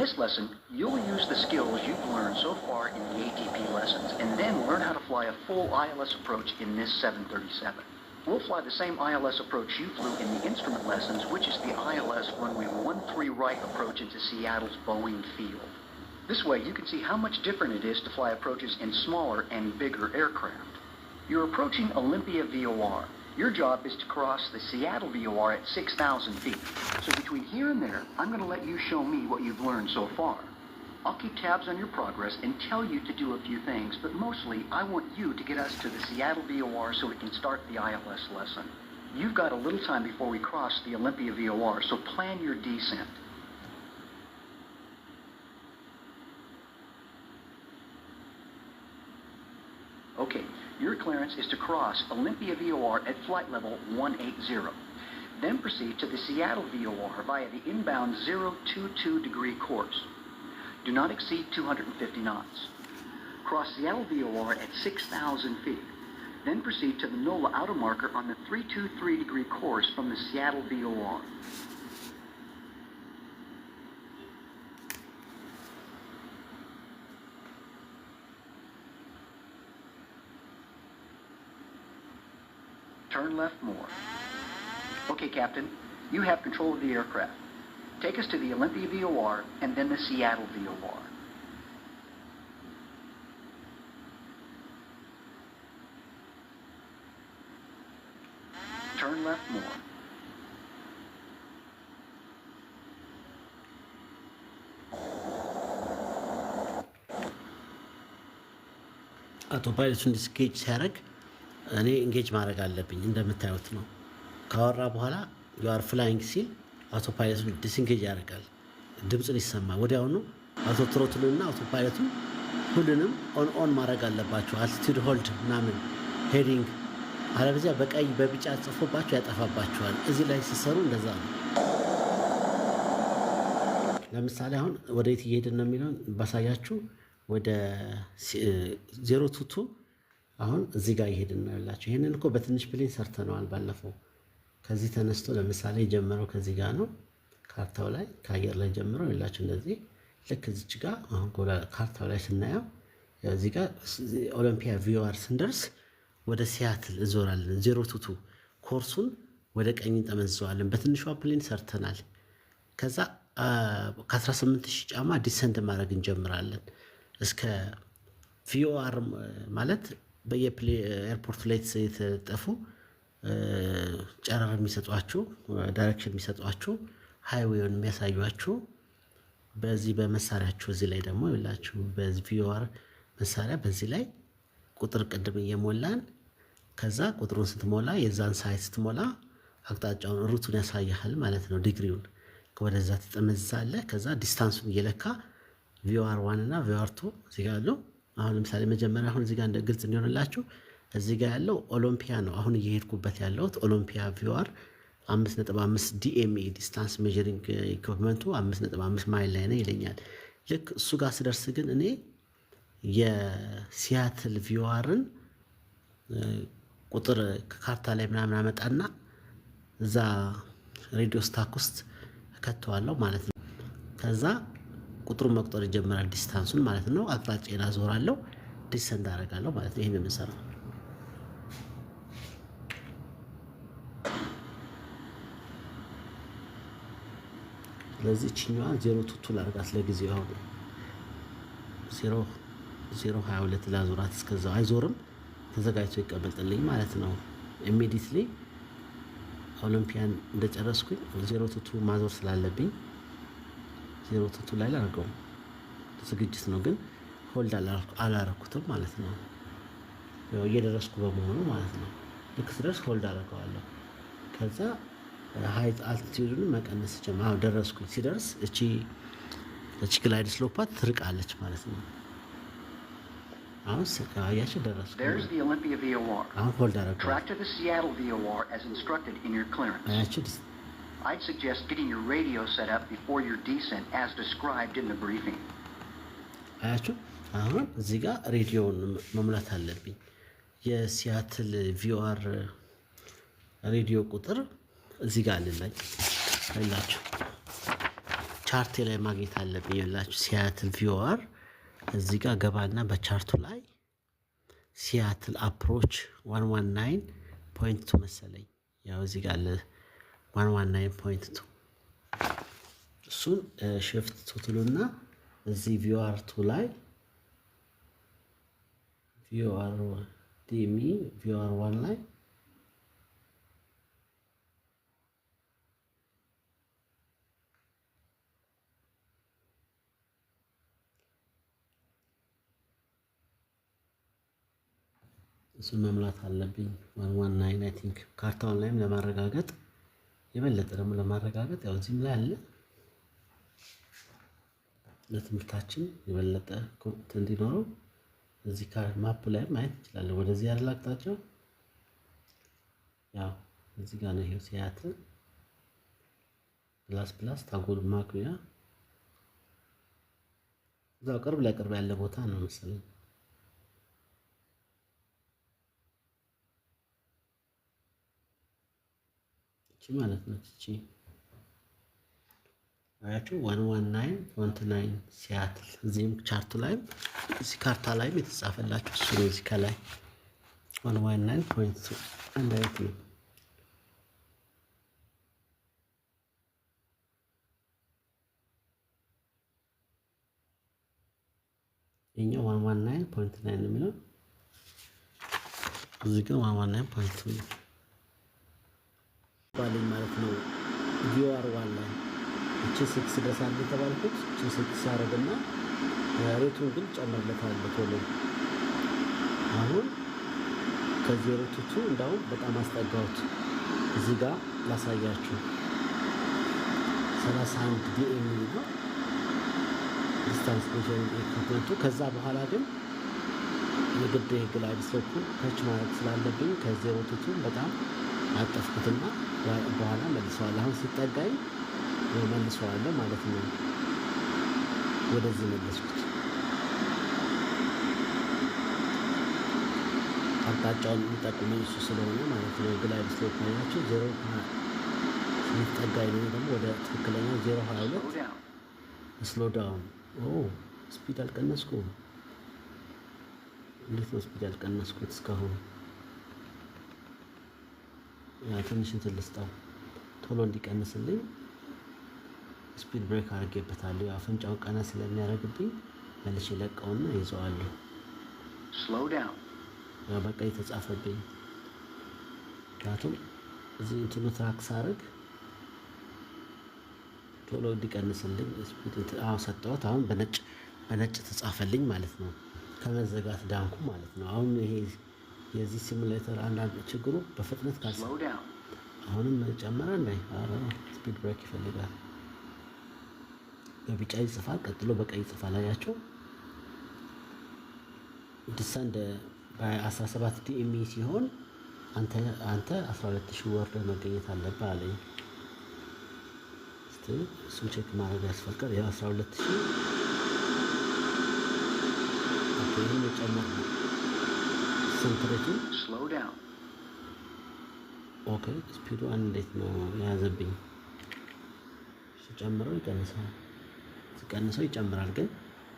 this lesson, you'll use the skills you've learned so far in the ATP lessons, and then learn how to fly a full ILS approach in this 737. We'll fly the same ILS approach you flew in the instrument lessons, which is the ILS runway 13 right approach into Seattle's Boeing Field. This way, you can see how much different it is to fly approaches in smaller and bigger aircraft. You're approaching Olympia VOR, your job is to cross the Seattle VOR at 6,000 feet. So between here and there, I'm going to let you show me what you've learned so far. I'll keep tabs on your progress and tell you to do a few things, but mostly I want you to get us to the Seattle VOR so we can start the ILS lesson. You've got a little time before we cross the Olympia VOR, so plan your descent. is to cross Olympia VOR at flight level 180. Then proceed to the Seattle VOR via the inbound 022 degree course. Do not exceed 250 knots. Cross Seattle VOR at 6,000 feet. Then proceed to the NOLA outer marker on the 323 degree course from the Seattle VOR. Turn left more. Okay, Captain. You have control of the aircraft. Take us to the Olympia VOR and then the Seattle VOR. Turn left more. A to Pilot's Skate Sarek እኔ እንጌጅ ማድረግ አለብኝ። እንደምታዩት ነው። ካወራ በኋላ ዩአር ፍላይንግ ሲል አውቶ ፓይለቱ ዲስንጌጅ ያደርጋል። ድምፅን ይሰማ ወዲያውኑ አውቶ ትሮትሉንና አውቶ ፓይለቱ ሁሉንም ኦን ኦን ማድረግ አለባቸው። አልቲቱድ ሆልድ ምናምን ሄዲንግ አለበዚያ በቀይ በቢጫ ጽፎባቸው ያጠፋባቸዋል። እዚህ ላይ ሲሰሩ እንደዛ ነው። ለምሳሌ አሁን ወደ የት እየሄድን ነው የሚለውን ባሳያችሁ ወደ ዜሮ ቱቱ አሁን እዚህ ጋር ይሄድን ነው ያላቸው። ይህንን እኮ በትንሽ ፕሌን ሰርተነዋል ባለፈው። ከዚህ ተነስቶ ለምሳሌ የጀመረው ከዚህ ጋር ነው ካርታው ላይ ከአየር ላይ ጀምረው ያላቸው እንደዚህ ልክ እዚች ጋር አሁን ካርታው ላይ ስናየው እዚህ ጋር ኦሎምፒያ ቪዋር ስንደርስ ወደ ሲያትል እዞራለን። ዜሮ ቱቱ ኮርሱን ወደ ቀኝ ጠመዝዘዋለን። በትንሿ ፕሌን ሰርተናል። ከዛ ከ18 ሺህ ጫማ ዲሰንድ ማድረግ እንጀምራለን እስከ ቪኦአር ማለት በየኤርፖርት ላይ የተጠፉ ጨረር የሚሰጧችሁ ዳይሬክሽን የሚሰጧችሁ ሃይዌውን የሚያሳዩችሁ በዚህ በመሳሪያችሁ እዚህ ላይ ደግሞ ይላችሁ በቪዋር መሳሪያ በዚህ ላይ ቁጥር ቅድም እየሞላን ከዛ ቁጥሩን ስትሞላ የዛን ሳይት ስትሞላ አቅጣጫውን ሩቱን ያሳያል ማለት ነው። ዲግሪውን ወደዛ ትጠመዝዛለህ። ከዛ ዲስታንሱን እየለካ ቪዋር ዋን እና ቪዋር ቱ እዚህ ጋር ያለው አሁን ለምሳሌ መጀመሪያ አሁን እዚጋ እንደ ግልጽ እንዲሆንላችሁ ጋ ያለው ኦሎምፒያ ነው። አሁን እየሄድኩበት ያለሁት ኦሎምፒያ ቪዋር 55 ዲኤምኢ ዲስታንስ ሜዥሪንግ ኢኩፕመንቱ 55 ማይል ላይ ነው ይለኛል። ልክ እሱ ጋር ስደርስ ግን እኔ የሲያትል ቪዋርን ቁጥር ከካርታ ላይ ምናምን አመጣና እዛ ሬዲዮ ስታክ ውስጥ እከተዋለሁ ማለት ነው ከዛ ቁጥሩን መቁጠር ይጀምራል። ዲስታንሱን ማለት ነው። አቅጣጫዬን አዞራለሁ፣ ዲስተንት አደርጋለሁ ማለት ነው። ይሄን የምንሰራው ስለዚህ ችኛዋ ዜሮ ቱቱ ላርጋት ለጊዜው አሁን ዜሮ ዜሮ ሀያ ሁለት ላዞራት እስከዛው አይዞርም ተዘጋጅቶ ይቀመጥልኝ ማለት ነው። ኢሚዲትሊ ኦሎምፒያን እንደጨረስኩኝ ዜሮ ቱቱ ማዞር ስላለብኝ ዜሮ ላይ ላርገው ዝግጅት ነው፣ ግን ሆልድ አላረኩትም ማለት ነው። እየደረስኩ በመሆኑ ማለት ነው። ልክ ስደርስ ሆልድ አረገዋለሁ። ከዛ ሀይት አልቲቲዩድን መቀነስ ጀምር ደረስኩ ሲደርስ እቺ እቺ ግላይድ ስሎፓት ትርቃለች ማለት ነው። አሁን አያቸው ደረስኩ። አሁን ሆልድ አረገዋለሁ። I'd suggest getting your radio set up before your descent as described in the briefing. አያችሁ አሁን እዚህ ጋር ሬዲዮውን መሙላት አለብኝ። የሲያትል ቪኦአር ሬዲዮ ቁጥር እዚህ ጋር አለላኝ ይላችሁ ቻርቴ ላይ ማግኘት አለብኝ ይላችሁ ሲያትል ቪኦአር እዚህ ጋር ገባና በቻርቱ ላይ ሲያትል አፕሮች ዋን ዋን ናይን ፖይንቱ መሰለኝ ያው እዚህ ጋር አለ ዋን ዋን ናይን ፖይንት ቱ እሱን ሽፍት ቱትሉና እዚህ ቪዋር ቱ ላይ ቪዋር ዲሚ ቪዋር ዋን ላይ እሱን መምላት አለብኝ። ዋን ዋን ናይን አይ ቲንክ ካርታውን ላይም ለማረጋገጥ የበለጠ ደግሞ ለማረጋገጥ ያው እዚህም ላይ አለ። ለትምህርታችን የበለጠ ኮምፕት እንዲኖረው እዚህ ማፕ ላይ ማየት እንችላለን። ወደዚህ ያለ አቅጣጫው ያው እዚህ ጋር ነው። ይሄው ሲያትል ፕላስ ፕላስ ታጎል ማኩያ እዛው ቅርብ ለቅርብ ያለ ቦታ ነው መሰለኝ። ማለት ነው። እቺ አያችሁ ዋን ናይን ናይን ሲያትል እዚህም ቻርቱ ላይም እዚህ ካርታ ላይም የተጻፈላችሁ እሱ ነው። እዚህ ከላይ ዋን ዋን ናይን ፖይንት አንድ ነው። ናይን የሚለው እዚህ ግን ዋን መጥቷልኝ ማለት ነው። ዲዋር ዋላ እቺ ስክስ ደሳል የተባልኩት እቺ ስክስ አረግና ሬቱን ግን ጨምርለታለሁ ቶሎ አሁን ከዚህ ሬቱቱ እንዳውም በጣም አስጠጋሁት። እዚህ ጋር ላሳያችሁ 31 ዲኤም ነው ዲስታንስ ሜዠሪንግ ኢኩፕመንቱ። ከዛ በኋላ ግን የግድ የግላይድ ስሎፑን ከች ማለት ስላለብኝ ከዜሮ ቱቱ በጣም አጠፍኩትና በኋላ መልሰዋል። አሁን ሲጠጋኝ መልሰዋለሁ ማለት ነው። ወደዚህ መለስኩት። አቅጣጫውን የሚጠቁመኝ እሱ ስለሆነ ማለት ነው። ግላይድ ስሎፕ ናቸው ዜሮ ሚጠጋኝ ነው። ደግሞ ወደ ትክክለኛ ዜሮ ሀያ ሁለት ስሎ ዳውን ስፒድ አልቀነስኩም። እንዴት ነው ስፒድ አልቀነስኩት እስካሁን? ትንሽ እንትን ልስጠው ቶሎ እንዲቀንስልኝ ስፒድ ብሬክ አድርጌበታለሁ። አፍንጫው ቀነ ስለሚያደርግብኝ መልሼ ለቀውና ይዘዋለሁ። በቃ የተጻፈብኝ ምክንያቱም እዚህ እንትኑ ትራክ ሳርግ ቶሎ እንዲቀንስልኝ ሰጠሁት። አሁን በነጭ በነጭ ተጻፈልኝ ማለት ነው። ከመዘጋት ዳንኩ ማለት ነው። አሁን ይሄ የዚህ ሲሙሌተር አንዳንድ ችግሩ በፍጥነት ካሳ አሁንም ጨመረ ላይ ስፒድ ብሬክ ይፈልጋል። በቢጫ ይጽፋል፣ ቀጥሎ በቀይ ይጽፋል። አያቸው ድሳንድ በ17 ዲኤምኢ ሲሆን አንተ 12 ሺ ወርደ መገኘት አለብህ አለኝ። እስኪ እሱም ቼክ ማድረግ ያስፈልጋል። የ12 ይህን የጨመር ነው ኮንሰንትሬቱ ኦኬ ስፒዱ እንዴት ነው የያዘብኝ? ሲጨምረው ይቀንሳል፣ ሲቀንሰው ይጨምራል። ግን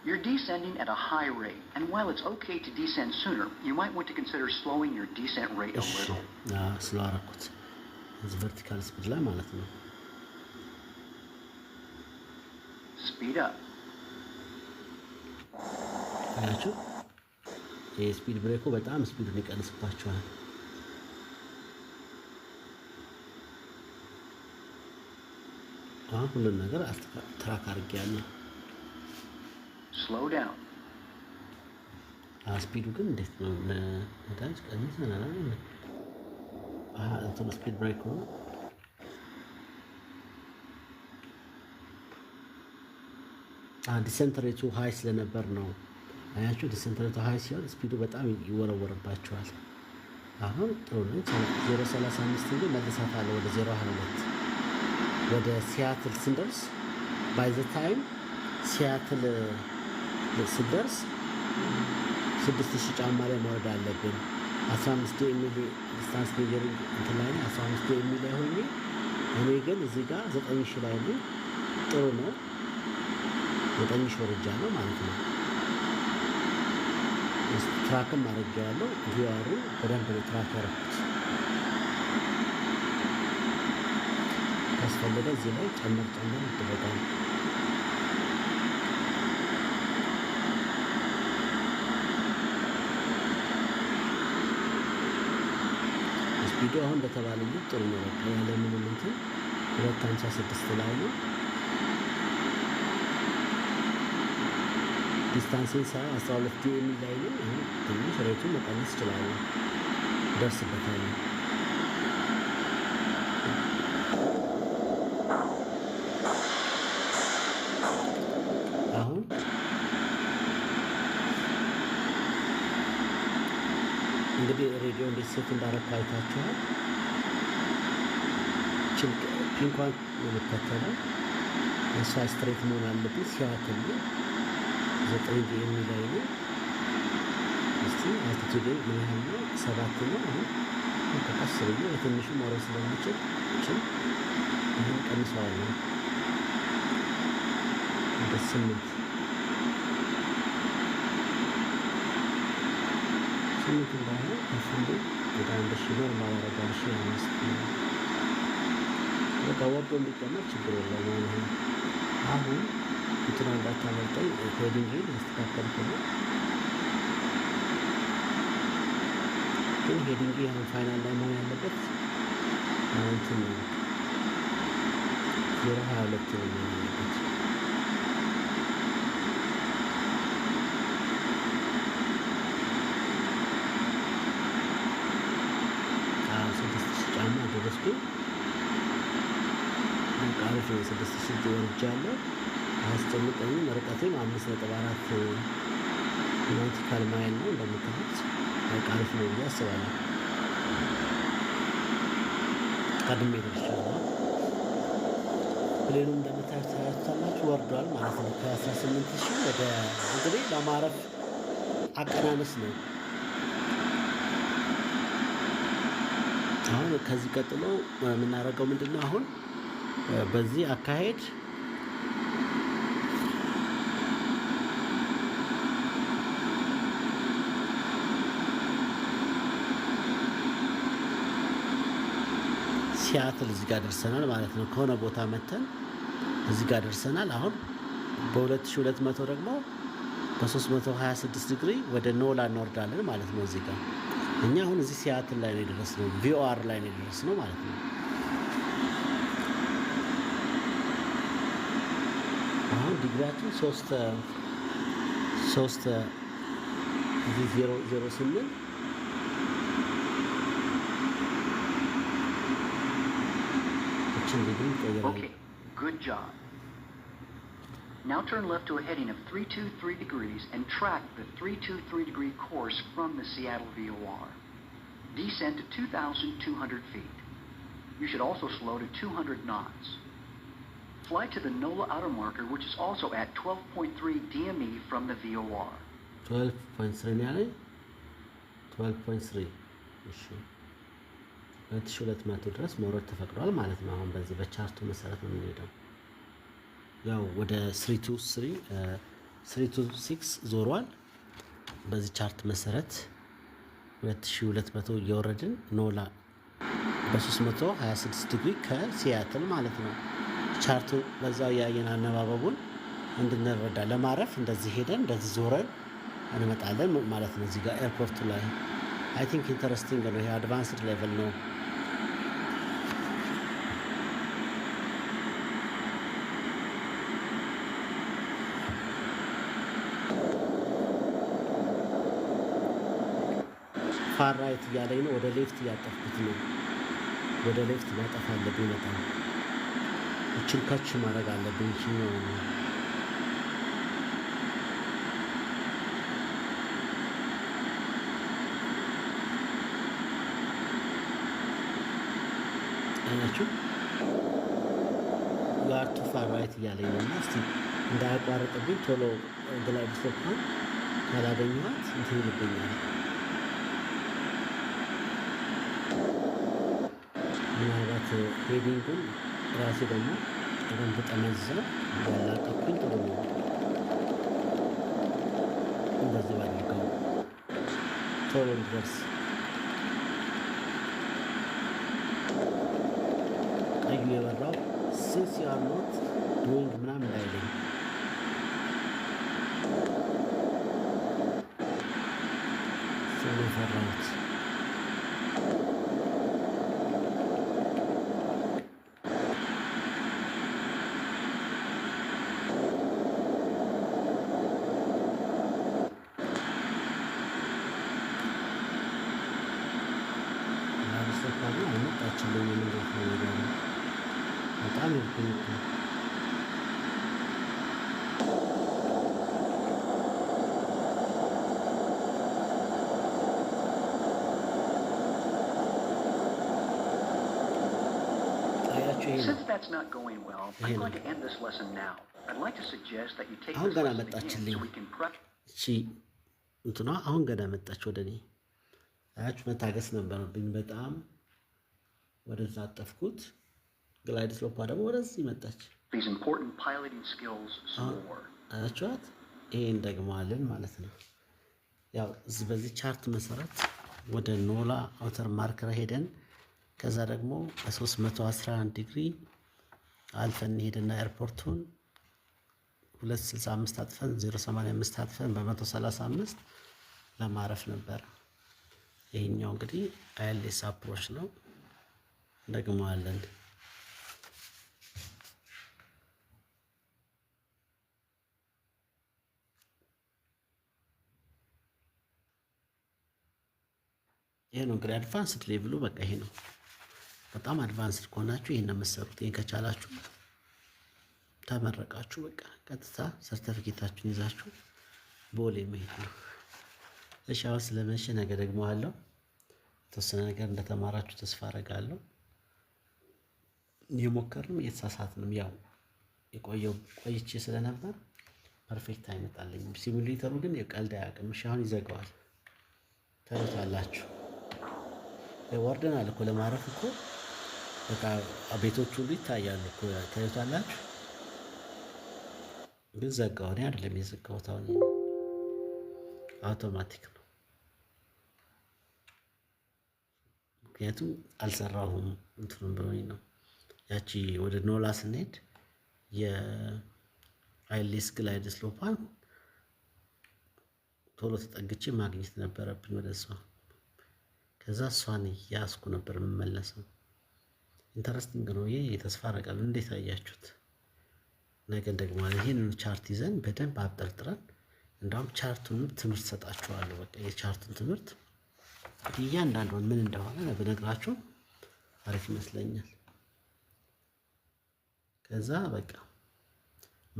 You're descending at a high rate, and while it's okay to descend sooner, you might want to consider slowing your descent rate a little. ስሎ አደረኩት እዚህ ቨርቲካል ስፒድ ላይ ማለት ነው። ስፒድ አፕ አያችሁ የስፒድ ብሬኩ በጣም ስፒዱን ይቀንስባቸዋል። አሁን ሁሉን ነገር ትራክ አድርጌያለሁ። ስፒዱ ግን እንዴት ነው? ነዳጅ ቀንሰናል። እንትን ስፒድ ብሬክ ሆነ ዲሰንት ሬቱ ሀይ ስለነበር ነው። አያቸው ዲሰንትረቱ ሀይ ሲሆን ስፒዱ በጣም ይወረወርባቸዋል። አሁን ጥሩ ነው። ዜሮ ሰላሳ አምስት እንጂ አለ ወደ ዜሮ ወደ ሲያትል ስንደርስ ዘ ታይም ሲያትል ስደርስ 6000 ጫማ ላይ መውረድ አለብን። 15 አምስት የሚል ዲስታንስ ሜጀሪንግ እንትን ላይ አስራ የሚል እኔ ግን እዚህ ጋር 9000 ላይ ጥሩ ነው። ዘጠኝ ወርጃ ነው ማለት ነው። ትራክም አድርጌዋለሁ። ቪዋሩ በደንብ ትራክ ያረኩት ካስፈለገ እዚህ ላይ ጨመር ጨመር ይደረጋል። ስፒዱ አሁን በተባለልኝ ጥሩ ነው። በቃ ያለምንም እንትን ሁለት ሃምሳ ስድስት ላይ ነው። ዲስታንስን ሳ አስራ ሁለት ዲዮ የሚላይ ትንሽ ሬቱን መቀነስ ይችላሉ። ደርስበታል። አሁን እንግዲህ ሬዲዮ እንዲሴት እንዳረኩ አይታችኋል። ፒንኳን የምከተለው እሷ ስትሬት መሆን አለብኝ ሲያትል ዘጠኝ ቢኤም ላይ ነው። እስቲ አልቲቱዴ ምን ያህል ነው? ሰባት ነው። አሁን ቀስ ብዬ በትንሹ መውረድ ስለምችል ችል ይህን ቀንሰዋለሁ ወደ ስምንት ስምንት እንዳለ ከፍንዴ ወደ አንድ ሺ ብር ማረጋ ሺ አምስት በቃ ወርዶ እንዲቀመጥ ችግር የለም። አሁን እንትና እንዳታመልጠኝ ኮዲንግ ማስተካከል ሆነ ግን ሄዲንግ ያሁን ፋይናል ላይ መሆን ያለበት እንትን ዜሮ ሀያ ሁለት ነው መሆን ያለበት። ስድስት ሺህ ጫማ ደረስኩኝ። ቃሪፍ ነው። ስድስት ሺህ ወርጃለሁ። አያስጨንቀኝም። ርቀቴም አምስት ነጥብ አራት ናውቲካል ማይል ነው። እንደምታዩት በቃ አሪፍ ነው ብዬ አስባለሁ። ቀድሜ ደርሻለሁ። ፕሌኑ እንደምታዩት ታያችኋላችሁ ወርዷል ማለት ነው ከአስራ ስምንት ሺ ወደ እንግዲህ ለማረፍ አቀናነስ ነው። አሁን ከዚህ ቀጥሎ የምናደርገው ምንድነው? አሁን በዚህ አካሄድ ሲያትል እዚህ ጋር ደርሰናል ማለት ነው። ከሆነ ቦታ መተን እዚህ ጋር ደርሰናል። አሁን በ2200 ደግሞ በ326 ዲግሪ ወደ ኖላ እንወርዳለን ማለት ነው። እዚህ ጋር እኛ አሁን እዚህ ሲያትል ላይ ነው የደረስነው፣ ቪኦአር ላይ ነው የደረስነው ማለት ነው። አሁን ዲግሪያችን ሶስት ሶስት 08 Okay, good job. Now turn left to a heading of 323 degrees and track the 323 degree course from the Seattle VOR. Descend to 2,200 feet. You should also slow to 200 knots. Fly to the NOLA outer marker, which is also at 12.3 DME from the VOR. 12.3 يعني 12.3 2200 ድረስ መውረድ ተፈቅዷል ማለት ነው። አሁን በዚህ በቻርቱ መሰረት ነው የሚሄደው። ያው ወደ 326 ዞሯል። በዚህ ቻርት መሰረት 2200 እየወረድን ኖላ በ326 ዲግሪ ከሲያትል ማለት ነው። ቻርቱ በዛው ያየን አነባበቡን እንድንረዳ ለማረፍ እንደዚህ ሄደን እንደዚህ ዞረን እንመጣለን ማለት ነው። እዚህ ጋር ኤርፖርቱ ላይ አይ ቲንክ ኢንተረስቲንግ ነው። ይሄ አድቫንስድ ሌቨል ነው። ፋር ራይት እያለኝ ነው። ወደ ሌፍት እያጠፍኩት ነው። ወደ ሌፍት ማጠፍ አለብኝ። በጣም እችን ከች ማድረግ አለብኝ። ነው አይናችሁ ዩአርቱ ፋር ራይት እያለኝ ነው እስቲ እንዳያቋርጥብኝ ቶሎ ግላይድ ሶፓን ካላገኘኋት እንትን ይልብኛል ሄዲንጉን ራሴ ደግሞ ጥሩን ብጠመዝ ያላቀኩኝ ጥሩ ነው። እንደዚህ ባድርገው ቶሎ ድረስ ቀዩ የበራው ስስ ያሉት ዶንግ ምናምን እንዳይለኝ ሰው አሁን ገና መጣችልኝ እቺ እንትኗ አሁን ገና መጣች ወደ እኔ። አያችሁ መታገስ ነበረብኝ በጣም። ወደዛ አጠፍኩት። ግላይድ ስሎፓ ደግሞ ወደዚህ መጣች። አያችኋት? ይሄ እንደግማለን ማለት ነው። ያው በዚህ ቻርት መሰረት ወደ ኖላ አውተር ማርከር ሄደን ከዛ ደግሞ በ311 ዲግሪ አልፈን እንሄድና ኤርፖርቱን 265 አጥፈን 085 አጥፈን በ135 ለማረፍ ነበር። ይሄኛው እንግዲህ አይልስ አፕሮች ነው። እንደግመዋለን። ይሄ ነው እንግዲህ አድቫንስድ ሌቭሉ በቃ ይሄ ነው። በጣም አድቫንስድ ከሆናችሁ ይህን የምትሰሩት ይህን ከቻላችሁ ተመረቃችሁ፣ በቃ ቀጥታ ሰርተፊኬታችሁን ይዛችሁ ቦሌ መሄድ ነው። እሺ፣ አሁን ስለመሸ ነገ ደግሞ አለው የተወሰነ ነገር እንደተማራችሁ ተስፋ አደርጋለሁ። የሞከርንም የተሳሳትንም ያው የቆየው ቆይቼ ስለነበር ፐርፌክት አይመጣልኝም። ሲሙሌተሩ ግን የቀልድ አያውቅም። እሺ፣ አሁን ይዘጋዋል። ተረታላችሁ። ወርደናል እኮ ለማረፍ እኮ በቃ ቤቶች ሁሉ ይታያሉ። ታዩታላችሁ። ግን ዘጋው። እኔ አይደለም የዘጋሁት፣ አሁን አውቶማቲክ ነው። ምክንያቱም አልሰራሁም እንትኑም ብሎኝ ነው። ያቺ ወደ ኖላ ስንሄድ የአይሌስ ግላይድ ስሎፓን ቶሎ ተጠግቼ ማግኘት ነበረብኝ ወደ እሷ። ከዛ እሷን ያስኩ ነበር የምመለሰው ኢንተረስቲንግ ነው። ይህ የተስፋ ረቃ እንዴት አያችሁት? ነገ ደግሞ ይህንን ቻርት ይዘን በደንብ አብጠርጥረን እንዳውም ቻርቱን ትምህርት ሰጣችኋለሁ። በቃ የቻርቱን ትምህርት እያንዳንዷን ምን እንደሆነ ብነግራችሁ አሪፍ ይመስለኛል። ከዛ በቃ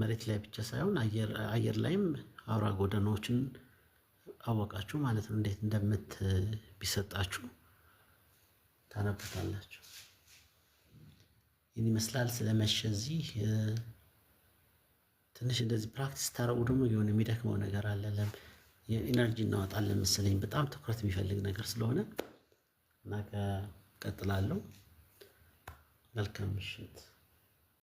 መሬት ላይ ብቻ ሳይሆን አየር ላይም አውራ ጎዳናዎችን አወቃችሁ ማለት ነው። እንዴት እንደምት ቢሰጣችሁ ታነብታላችሁ። ይህን ይመስላል። ስለመሸ እዚህ ትንሽ እንደዚህ ፕራክቲስ ታረቁ ደግሞ የሆነ የሚደክመው ነገር አለ። የኢነርጂ እናወጣለን መሰለኝ በጣም ትኩረት የሚፈልግ ነገር ስለሆነ እና ቀጥላለሁ። መልካም ምሽት።